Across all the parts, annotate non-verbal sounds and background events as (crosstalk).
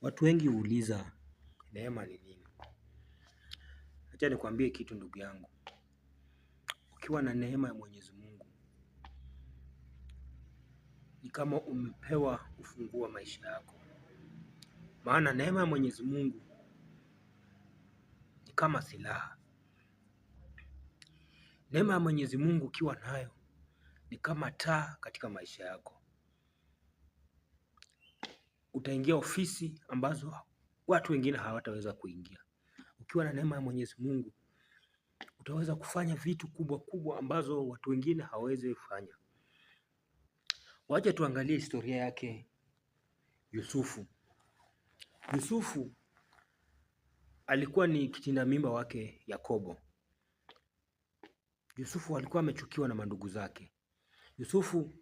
Watu wengi huuliza neema ni nini? Acha nikwambie kitu ndugu yangu, ukiwa na neema ya Mwenyezi Mungu ni kama umepewa ufunguo wa maisha yako, maana neema ya Mwenyezi Mungu ni kama silaha. Neema ya Mwenyezi Mungu ukiwa nayo ni kama taa katika maisha yako utaingia ofisi ambazo watu wengine hawataweza kuingia. Ukiwa na neema ya Mwenyezi Mungu utaweza kufanya vitu kubwa kubwa ambazo watu wengine hawawezi kufanya. Wacha tuangalie historia yake Yusufu. Yusufu alikuwa ni kitinda mimba wake Yakobo. Yusufu alikuwa amechukiwa na mandugu zake. Yusufu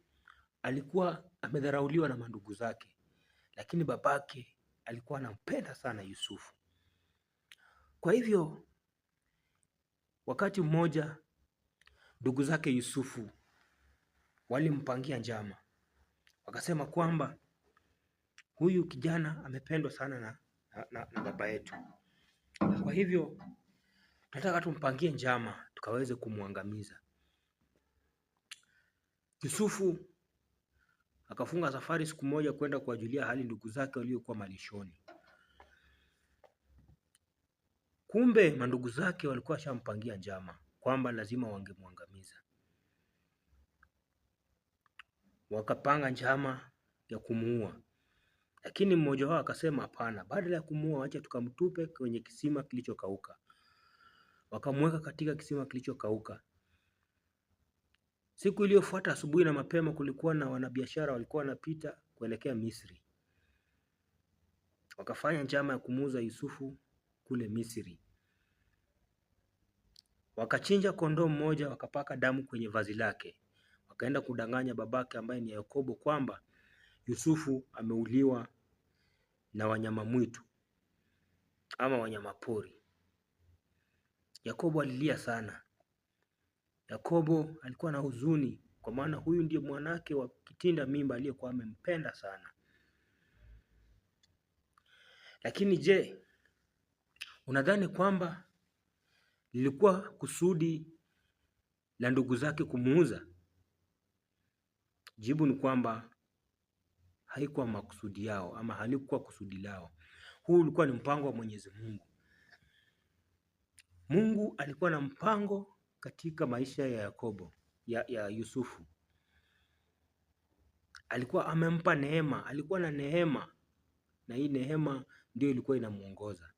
alikuwa amedharauliwa na mandugu zake lakini babake alikuwa anampenda sana Yusufu. Kwa hivyo wakati mmoja ndugu zake Yusufu walimpangia njama, wakasema kwamba huyu kijana amependwa sana na, na, na baba yetu, kwa hivyo tunataka tumpangie njama tukaweze kumwangamiza Yusufu. Akafunga safari siku moja kwenda kuwajulia hali ndugu zake waliokuwa malishoni. Kumbe mandugu zake walikuwa washampangia njama kwamba lazima wangemwangamiza. Wakapanga njama ya kumuua, lakini mmoja wao akasema, hapana, badala ya kumuua wacha tukamtupe kwenye kisima kilichokauka. Wakamweka katika kisima kilichokauka Siku iliyofuata asubuhi na mapema, kulikuwa na wanabiashara walikuwa wanapita kuelekea Misri, wakafanya njama ya kumuuza Yusufu kule Misri. Wakachinja kondoo mmoja, wakapaka damu kwenye vazi lake, wakaenda kudanganya babake ambaye ni Yakobo kwamba Yusufu ameuliwa na wanyama mwitu ama wanyama pori. Yakobo alilia sana, Yakobo alikuwa na huzuni kwa maana huyu ndiye mwanake wa kitinda mimba aliyekuwa amempenda sana. Lakini je, unadhani kwamba lilikuwa kusudi la ndugu zake kumuuza? Jibu ni kwamba haikuwa makusudi yao ama halikuwa kusudi lao. Huu ulikuwa ni mpango wa Mwenyezi Mungu. Mungu alikuwa na mpango katika maisha ya Yakobo ya, ya Yusufu alikuwa amempa neema, alikuwa na neema, na hii neema ndio ilikuwa inamuongoza.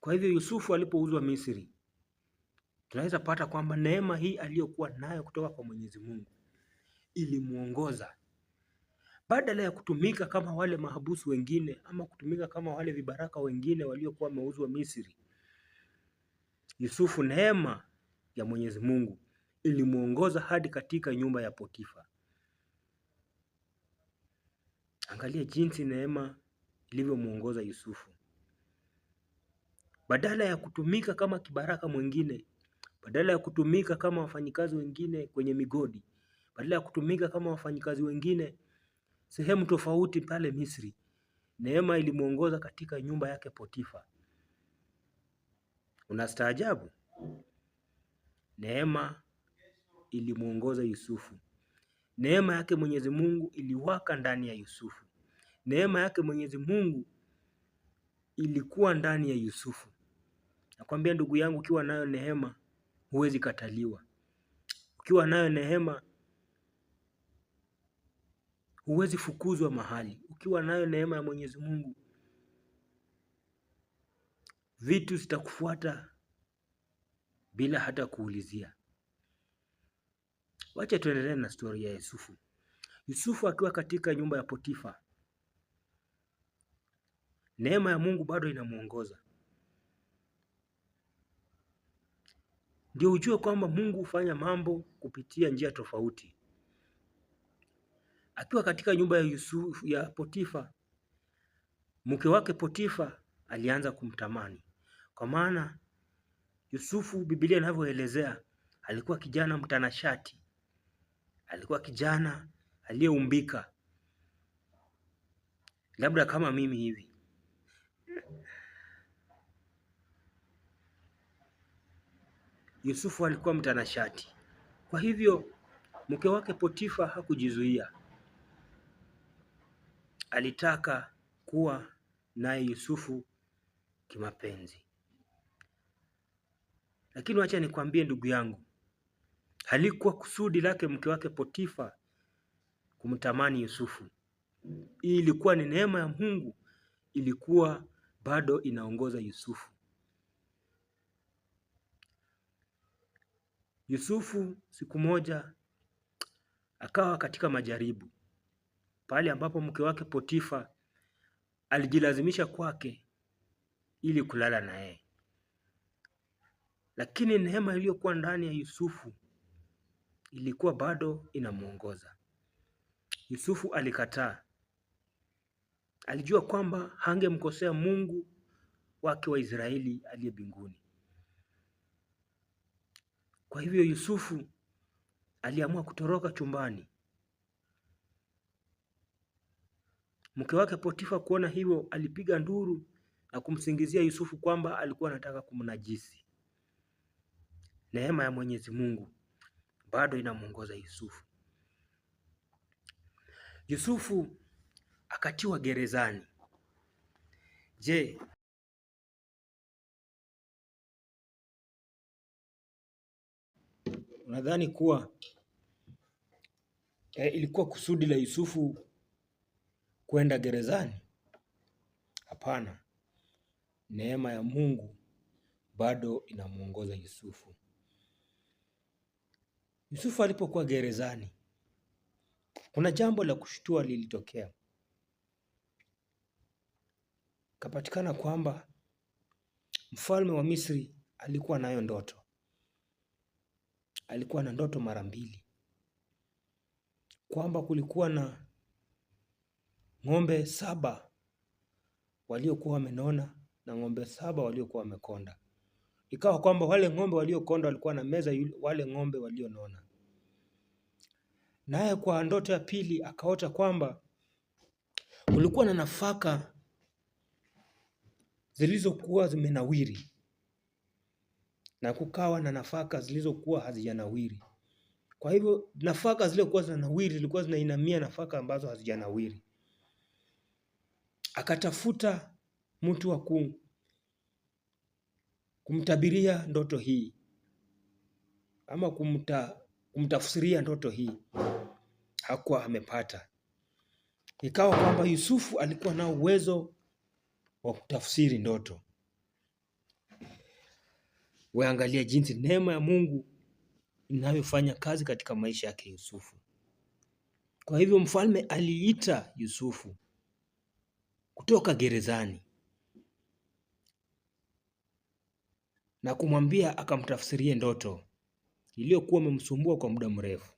Kwa hivyo Yusufu alipouzwa Misri, tunaweza pata kwamba neema hii aliyokuwa nayo kutoka kwa Mwenyezi Mungu ilimuongoza badala ya kutumika kama wale mahabusu wengine ama kutumika kama wale vibaraka wengine waliokuwa wameuzwa Misri. Yusufu neema ya Mwenyezi Mungu ilimwongoza hadi katika nyumba ya Potifa. Angalia jinsi neema ilivyomwongoza Yusufu. Badala ya kutumika kama kibaraka mwingine, badala ya kutumika kama wafanyikazi wengine kwenye migodi, badala ya kutumika kama wafanyikazi wengine sehemu tofauti pale Misri, neema ilimwongoza katika nyumba yake Potifa. Unastaajabu? Neema ilimwongoza Yusufu. Neema yake Mwenyezi Mungu iliwaka ndani ya Yusufu. Neema yake Mwenyezi Mungu ilikuwa ndani ya Yusufu. Nakwambia ndugu yangu, ukiwa nayo neema huwezi kataliwa. Ukiwa nayo neema huwezi fukuzwa mahali. Ukiwa nayo neema ya Mwenyezi Mungu vitu zitakufuata bila hata kuulizia. Wacha tuendelee na stori ya Yusufu. Yusufu akiwa katika nyumba ya Potifa, neema ya Mungu bado inamuongoza. Ndio ujue kwamba Mungu hufanya mambo kupitia njia tofauti. Akiwa katika nyumba ya Yusufu ya Potifa, mke wake Potifa alianza kumtamani. Kwa maana Yusufu Biblia inavyoelezea alikuwa kijana mtanashati, alikuwa kijana aliyeumbika, labda kama mimi hivi. Yusufu alikuwa mtanashati, kwa hivyo mke wake Potifa hakujizuia, alitaka kuwa naye Yusufu kimapenzi. Lakini wacha nikwambie ndugu yangu, halikuwa kusudi lake mke wake Potifa kumtamani Yusufu. Hii ilikuwa ni neema ya Mungu, ilikuwa bado inaongoza Yusufu. Yusufu siku moja akawa katika majaribu pale ambapo mke wake Potifa alijilazimisha kwake ili kulala na yeye lakini neema iliyokuwa ndani ya Yusufu ilikuwa bado inamwongoza. Yusufu alikataa. Alijua kwamba hangemkosea Mungu wake wa Israeli aliye binguni Kwa hivyo Yusufu aliamua kutoroka chumbani. Mke wake Potifa kuona hivyo, alipiga nduru na kumsingizia Yusufu kwamba alikuwa anataka kumnajisi. Neema ya Mwenyezi Mungu bado inamuongoza Yusufu. Yusufu akatiwa gerezani. Je, unadhani kuwa e, ilikuwa kusudi la Yusufu kwenda gerezani? Hapana. Neema ya Mungu bado inamuongoza Yusufu. Yusufu alipokuwa gerezani, kuna jambo la kushtua lilitokea. Kapatikana kwamba mfalme wa Misri alikuwa nayo ndoto, alikuwa na ndoto mara mbili, kwamba kulikuwa na ng'ombe saba waliokuwa wamenona na ng'ombe saba waliokuwa wamekonda ikawa kwamba wale ng'ombe waliokonda walikuwa na meza wale ng'ombe walionona. Naye kwa ndoto ya pili akaota kwamba kulikuwa na nafaka zilizokuwa zimenawiri na kukawa na nafaka zilizokuwa hazijanawiri. Kwa hivyo nafaka zilizokuwa zinanawiri zilikuwa zinainamia nafaka ambazo hazijanawiri. Akatafuta mtu wa ku kumtabiria ndoto hii ama kumta, kumtafsiria ndoto hii hakuwa amepata. Ikawa kwamba Yusufu alikuwa na uwezo wa kutafsiri ndoto. Weangalia jinsi neema ya Mungu inavyofanya kazi katika maisha yake Yusufu. Kwa hivyo mfalme aliita Yusufu kutoka gerezani na kumwambia akamtafsirie ndoto iliyokuwa imemsumbua kwa muda mrefu.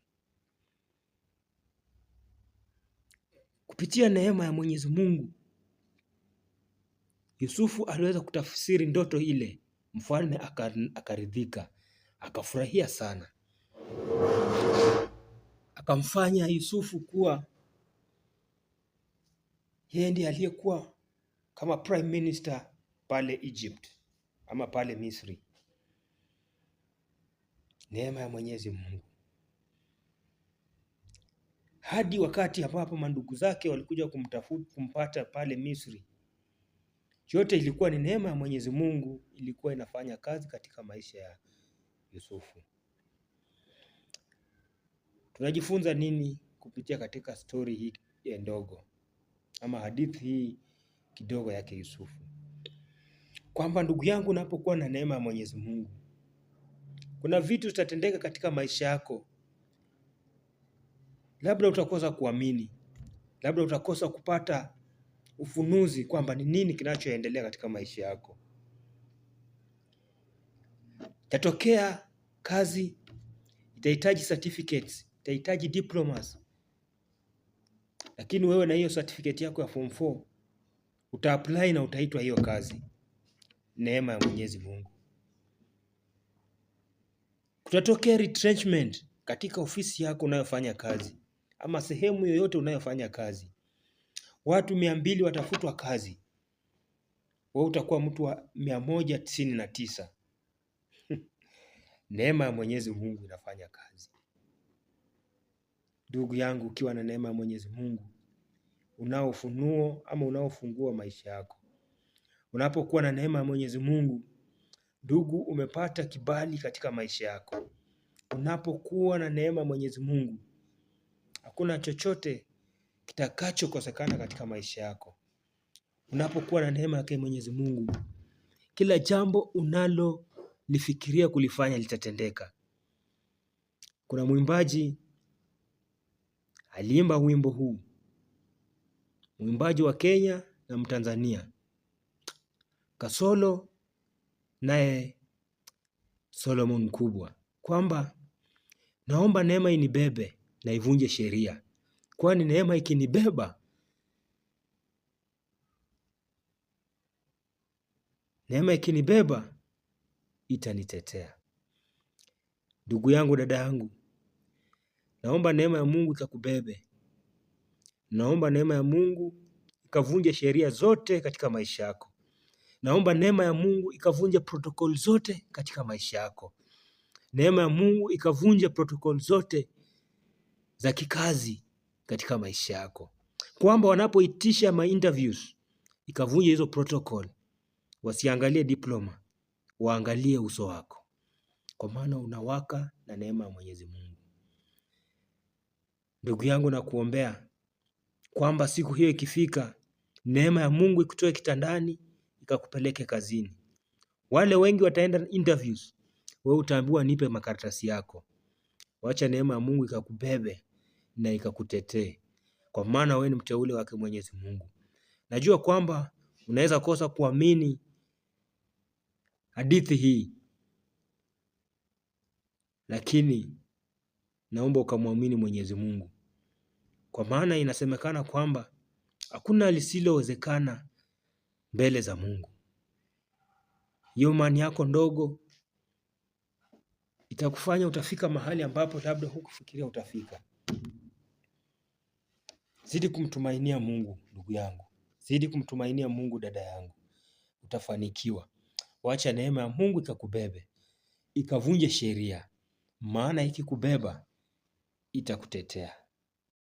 Kupitia neema ya Mwenyezi Mungu, Yusufu aliweza kutafsiri ndoto ile. Mfalme akaridhika, akafurahia sana, akamfanya Yusufu kuwa yeye ndiye aliyekuwa kama prime minister pale Egypt ama pale Misri. Neema ya Mwenyezi Mungu hadi wakati ambapo mandugu zake walikuja kumtafuta kumpata pale Misri. Yote ilikuwa ni neema ya Mwenyezi Mungu ilikuwa inafanya kazi katika maisha ya Yusufu. Tunajifunza nini kupitia katika stori hii ndogo ama hadithi hii kidogo yake Yusufu? kwamba ndugu yangu, unapokuwa na neema ya Mwenyezi Mungu, kuna vitu zitatendeka katika maisha yako, labda utakosa kuamini, labda utakosa kupata ufunuzi kwamba ni nini kinachoendelea katika maisha yako. Itatokea kazi itahitaji certificates, itahitaji diplomas, lakini wewe na hiyo certificate yako ya form 4 utaapply na utaitwa hiyo kazi neema ya Mwenyezi Mungu. Kutatokea retrenchment katika ofisi yako unayofanya kazi ama sehemu yoyote unayofanya kazi. Watu mia mbili watafutwa kazi, wewe utakuwa mtu wa mia moja tisini na tisa. (laughs) Neema ya Mwenyezi Mungu inafanya kazi. Ndugu yangu, ukiwa na neema ya Mwenyezi Mungu unao ufunuo ama unaofungua maisha yako. Unapokuwa na neema ya Mwenyezi Mungu, ndugu, umepata kibali katika maisha yako. Unapokuwa na neema ya Mwenyezi Mungu, hakuna chochote kitakachokosekana katika maisha yako. Unapokuwa na neema yake Mwenyezi Mungu, kila jambo unalolifikiria kulifanya litatendeka. Kuna mwimbaji aliimba wimbo huu, mwimbaji wa Kenya na Mtanzania kasolo naye Solomon Mkubwa kwamba naomba neema inibebe na ivunje sheria, kwani neema ikinibeba, neema ikinibeba itanitetea. Ndugu yangu, dada yangu, naomba neema ya Mungu ikakubebe, naomba neema ya Mungu ikavunje sheria zote katika maisha yako. Naomba neema ya Mungu ikavunje protokoli zote katika maisha yako. Neema ya Mungu ikavunje protokoli zote za kikazi katika maisha yako, kwamba wanapoitisha ma interviews ikavunje hizo protokoli, wasiangalie diploma, waangalie uso wako, kwa maana unawaka na neema ya Mwenyezi Mungu. Ndugu yangu, nakuombea kwamba siku hiyo ikifika, neema ya Mungu ikutoe kitandani ikakupeleke kazini. Wale wengi wataenda interviews, wewe utaambiwa nipe makaratasi yako. Wacha neema ya Mungu ikakubebe na ikakutetee, kwa maana wewe ni mteule wake Mwenyezi Mungu. Najua kwamba unaweza kosa kuamini hadithi hii, lakini naomba ukamwamini Mwenyezi Mungu, kwa maana inasemekana kwamba hakuna lisilowezekana mbele za Mungu. Hiyo imani yako ndogo itakufanya utafika mahali ambapo labda hukufikiria utafika. Zidi kumtumainia Mungu ndugu yangu, zidi kumtumainia Mungu dada yangu, utafanikiwa. Wacha neema ya Mungu ikakubebe ikavunje sheria, maana ikikubeba itakutetea.